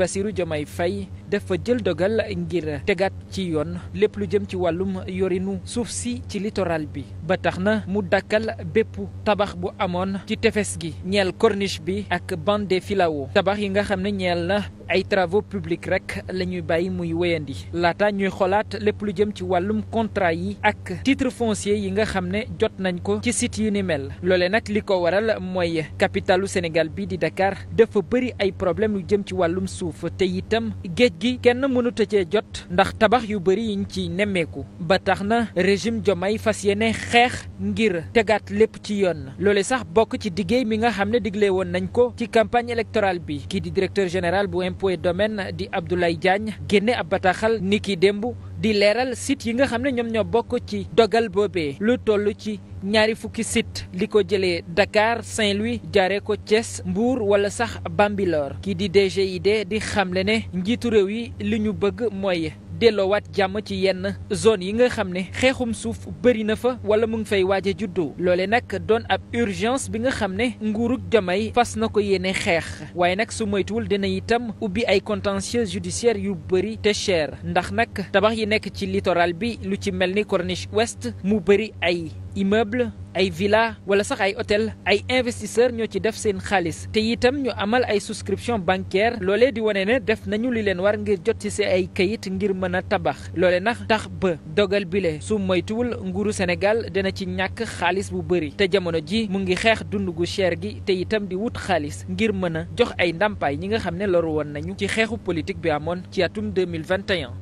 Bassirou Diomaye Faye dafa jël dogal ngir tegaat ci yoon lépp lu jëm ci wàllum yorinu suuf si ci littoral bi ba tax na mu dakkal bépp tabax bu amoon ci tefes gi ñeel corniche bi ak bande des filao tabax yi nga xam ne ñeel na ay travo publics rek la ñuy bàyyi muy wéyandi laata ñuy xoolaat lépp lu jëm ci wàllum contrat yi ak titre foncier yi nga xam ne jot nañ ko ci site yu ni mel loole nag li ko waral mooy capitalu Sénégal bi di Dakar dafa bëri ay suuf tey itam géej gi kenn mënut a cee jot ndax tabax yu bëri yiñ ci nemmeeku ba tax na régime Diomaye fas yéene xeex ngir tegaat lépp ci yoon loole sax bokk ci diggéey mi nga xam ne digle woon nañ ko ci campagne électorale bi kii di directeur général bu impôt et domaine di Abdoulaye Diagne génne ab bataaxal ni ki démb di leeral site yi nga xam ne ñoom ñoo bokk ci dogal boobe lu toll ci ñaari fukki sit li ko jëlee Dakar Saint-Louis jare ko Thiès Mbour wala sax Bambilor kii di yi de di xamle ne njiitu réew yi li ñu bëgg mooy delloowaat jàmm ci yenn zone yi nga xam ne xeexum suuf bëri na fa wala mu ngi fay waaja a juddoo loole nag doon ab urgence bi nga xam ne nguurug Diomaye fas na ko yéene xeex waaye nag su moytuwul dina itam ubbi ay contentieux judiciaire yu bëri te cher ndax nag tabax yi nekk ci littoral bi lu ci mel ni corniche west mu bëri ay immeuble ay villa wala sax ay hôtel ay investisseurs ñoo ci def seen xaalis te itam ñu amal ay souscription bancaire loole di wane ne def nañu li leen war ngir jot ci ay kayit ngir mën a tabax loole nag tax ba dogal bile su moytuwul nguuru Sénégal dina ci ñàkk xaalis bu bëri te jamono ji mu ngi xeex dund gu cher gi te itam di wut xaalis ngir mën a jox ay ndàmpaay ñi nga xam ne loru woon nañu ci xeexu politique bi amoon ci atum 2021